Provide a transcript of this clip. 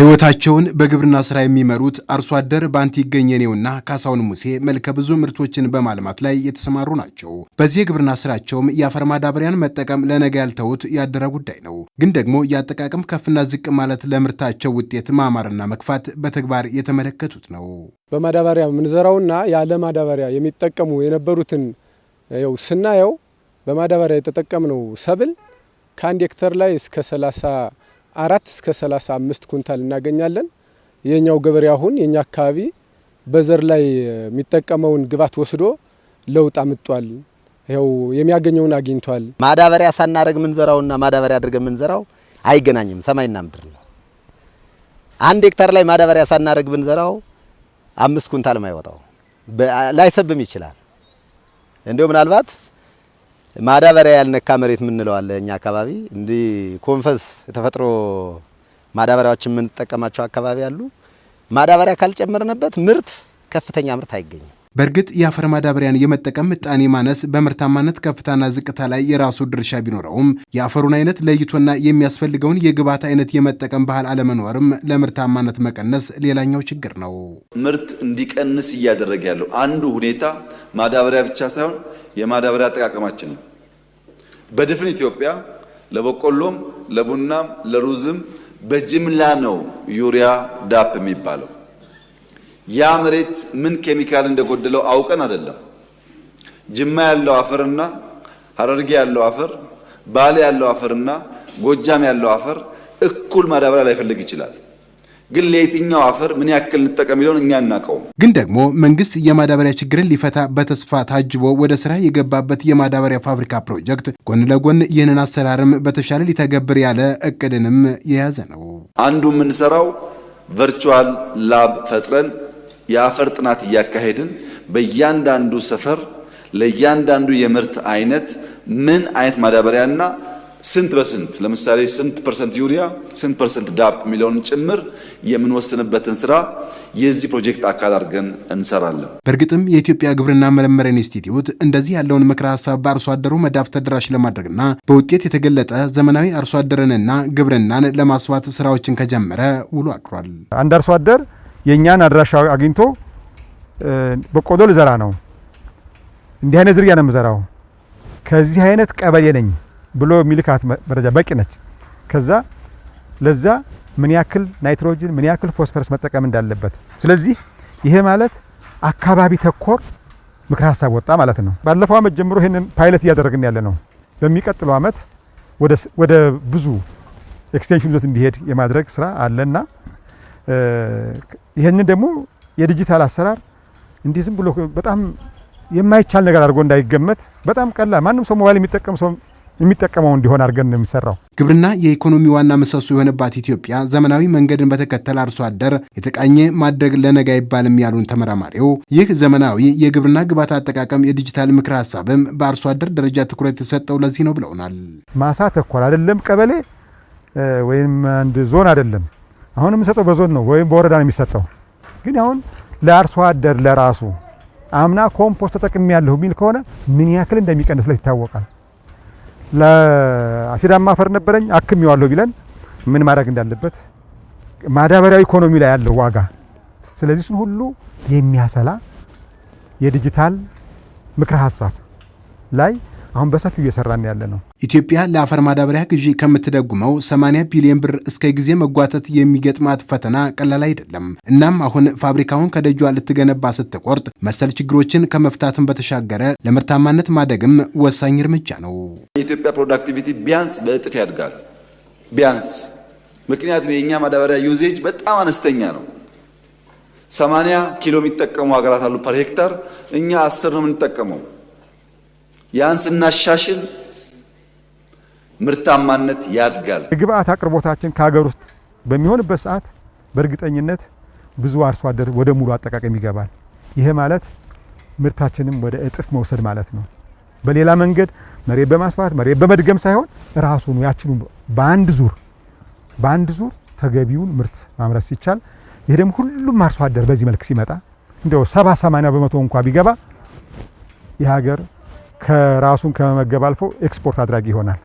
ሕይወታቸውን በግብርና ስራ የሚመሩት አርሶ አደር ባንቲ ይገኘኔውና ካሳውን ሙሴ መልከ ብዙ ምርቶችን በማልማት ላይ የተሰማሩ ናቸው። በዚህ የግብርና ስራቸውም የአፈር ማዳበሪያን መጠቀም ለነገ ያልተውት ያደረ ጉዳይ ነው። ግን ደግሞ የአጠቃቀም ከፍና ዝቅ ማለት ለምርታቸው ውጤት ማማርና መክፋት በተግባር የተመለከቱት ነው። በማዳበሪያ የምንዘራውና ያለ ማዳበሪያ የሚጠቀሙ የነበሩትን ው ስናየው በማዳበሪያ የተጠቀምነው ሰብል ከአንድ ሄክተር ላይ እስከ ሰላሳ አራት እስከ 35 ኩንታል እናገኛለን። የኛው ገበሬ አሁን የኛ አካባቢ በዘር ላይ የሚጠቀመውን ግብዓት ወስዶ ለውጥ አምጧል። ያው የሚያገኘውን አግኝቷል። ማዳበሪያ ሳናደርግ ምንዘራውና ማዳበሪያ አድርገን ምንዘራው አይገናኝም፣ ሰማይና ምድር ነው። አንድ ሄክታር ላይ ማዳበሪያ ሳናደርግ ብንዘራው አምስት ኩንታል ማይወጣው ላይሰብም ይችላል እንዲሁ ምናልባት ማዳበሪያ ያልነካ መሬት የምንለው አለ እኛ አካባቢ እንዲህ ኮንፈስ የተፈጥሮ ማዳበሪያዎች የምንጠቀማቸው አካባቢ አሉ። ማዳበሪያ ካልጨመርንበት ምርት ከፍተኛ ምርት አይገኝም። በእርግጥ የአፈር ማዳበሪያን የመጠቀም ምጣኔ ማነስ በምርታማነት ከፍታና ዝቅታ ላይ የራሱ ድርሻ ቢኖረውም የአፈሩን አይነት ለይቶና የሚያስፈልገውን የግብዓት አይነት የመጠቀም ባህል አለመኖርም ለምርታማነት መቀነስ ሌላኛው ችግር ነው። ምርት እንዲቀንስ እያደረገ ያለው አንዱ ሁኔታ ማዳበሪያ ብቻ ሳይሆን የማዳበሪያ አጠቃቀማችን ነው። በድፍን ኢትዮጵያ ለበቆሎም፣ ለቡናም፣ ለሩዝም በጅምላ ነው ዩሪያ ዳፕ የሚባለው። ያ መሬት ምን ኬሚካል እንደጎደለው አውቀን አይደለም። ጅማ ያለው አፈርና ሀረርጌ ያለው አፈር፣ ባሌ ያለው አፈርና ጎጃም ያለው አፈር እኩል ማዳበሪያ ላይፈልግ ይችላል። ግን ለየትኛው አፈር ምን ያክል እንጠቀም የሚለውን እኛ እናውቀውም። ግን ደግሞ መንግስት የማዳበሪያ ችግርን ሊፈታ በተስፋ ታጅቦ ወደ ስራ የገባበት የማዳበሪያ ፋብሪካ ፕሮጀክት ጎን ለጎን ይህንን አሰራርም በተሻለ ሊተገብር ያለ እቅድንም የያዘ ነው። አንዱ የምንሰራው ቨርቹዋል ላብ ፈጥረን የአፈር ጥናት እያካሄድን በእያንዳንዱ ሰፈር ለእያንዳንዱ የምርት አይነት ምን አይነት ማዳበሪያና ስንት በስንት ለምሳሌ ስንት ፐርሰንት ዩሪያ ስንት ፐርሰንት ዳፕ የሚለውን ጭምር የምንወስንበትን ስራ የዚህ ፕሮጀክት አካል አድርገን እንሰራለን። በእርግጥም የኢትዮጵያ ግብርና ምርምር ኢንስቲትዩት እንደዚህ ያለውን ምክረ ሀሳብ በአርሶ አደሩ መዳፍ ተደራሽ ለማድረግና በውጤት የተገለጠ ዘመናዊ አርሶ አደርንና ግብርናን ለማስፋት ስራዎችን ከጀመረ ውሎ አቅሯል። አንድ አርሶ አደር የእኛን አድራሻ አግኝቶ በቆሎ ልዘራ ነው፣ እንዲህ አይነት ዝርያ ነው የምዘራው፣ ከዚህ አይነት ቀበሌ ነኝ ብሎ የሚልካት መረጃ በቂ ነች። ከዛ ለዛ ምን ያክል ናይትሮጅን ምን ያክል ፎስፈረስ መጠቀም እንዳለበት። ስለዚህ ይሄ ማለት አካባቢ ተኮር ምክር ሀሳብ ወጣ ማለት ነው። ባለፈው ዓመት ጀምሮ ይህንን ፓይለት እያደረግን ያለ ነው። በሚቀጥለው ዓመት ወደ ብዙ ኤክስቴንሽን ይዞት እንዲሄድ የማድረግ ስራ አለና ይህንን ደግሞ የዲጂታል አሰራር እንዲህ ዝም ብሎ በጣም የማይቻል ነገር አድርጎ እንዳይገመት በጣም ቀላል ማንም ሰው ሞባይል የሚጠቀም ሰው የሚጠቀመው እንዲሆን አድርገን ነው የሚሰራው። ግብርና የኢኮኖሚ ዋና ምሰሶ የሆነባት ኢትዮጵያ ዘመናዊ መንገድን በተከተለ አርሶ አደር የተቃኘ ማድረግ ለነገ አይባልም ያሉን ተመራማሪው ይህ ዘመናዊ የግብርና ግብዓት አጠቃቀም የዲጂታል ምክር ሀሳብም በአርሶ አደር ደረጃ ትኩረት የተሰጠው ለዚህ ነው ብለውናል። ማሳ ተኮር አይደለም፣ ቀበሌ ወይም አንድ ዞን አይደለም አሁን የምንሰጠው በዞን ነው ወይም በወረዳ ነው የሚሰጠው። ግን አሁን ለአርሶ አደር ለራሱ አምና ኮምፖስት ተጠቅሜ ያለሁ የሚል ከሆነ ምን ያክል እንደሚቀንስለት ይታወቃል። ለአሲዳማ አፈር ነበረኝ አክሜዋለሁ ቢለን ምን ማድረግ እንዳለበት ማዳበሪያው ኢኮኖሚ ላይ ያለው ዋጋ፣ ስለዚህ እሱን ሁሉ የሚያሰላ የዲጂታል ምክረ ሀሳብ ላይ አሁን በሰፊው እየሰራን ያለ ነው። ኢትዮጵያ ለአፈር ማዳበሪያ ግዢ ከምትደጉመው 80 ቢሊዮን ብር እስከ ጊዜ መጓተት የሚገጥማት ፈተና ቀላል አይደለም። እናም አሁን ፋብሪካውን ከደጇ ልትገነባ ስትቆርጥ መሰል ችግሮችን ከመፍታትን በተሻገረ ለምርታማነት ማደግም ወሳኝ እርምጃ ነው። የኢትዮጵያ ፕሮዳክቲቪቲ ቢያንስ በእጥፍ ያድጋል። ቢያንስ ምክንያቱም የእኛ ማዳበሪያ ዩዜጅ በጣም አነስተኛ ነው። 80 ኪሎ የሚጠቀሙ ሀገራት አሉ ፐር ሄክታር፣ እኛ አስር ነው የምንጠቀመው። ያን ስናሻሽል ምርታማነት ያድጋል። የግብአት አቅርቦታችን ከሀገር ውስጥ በሚሆንበት ሰዓት በእርግጠኝነት ብዙ አርሶ አደር ወደ ሙሉ አጠቃቀም ይገባል። ይሄ ማለት ምርታችንም ወደ እጥፍ መውሰድ ማለት ነው። በሌላ መንገድ መሬት በማስፋት መሬት በመድገም ሳይሆን ራሱን ያችኑ በአንድ ዙር በአንድ ዙር ተገቢውን ምርት ማምረት ሲቻል ይሄ ደግሞ ሁሉም አርሶ አደር በዚህ መልክ ሲመጣ እንደው ሰባ ሰማንያ በመቶ እንኳ ቢገባ የሀገር ከራሱን ከመመገብ አልፎ ኤክስፖርት አድራጊ ይሆናል።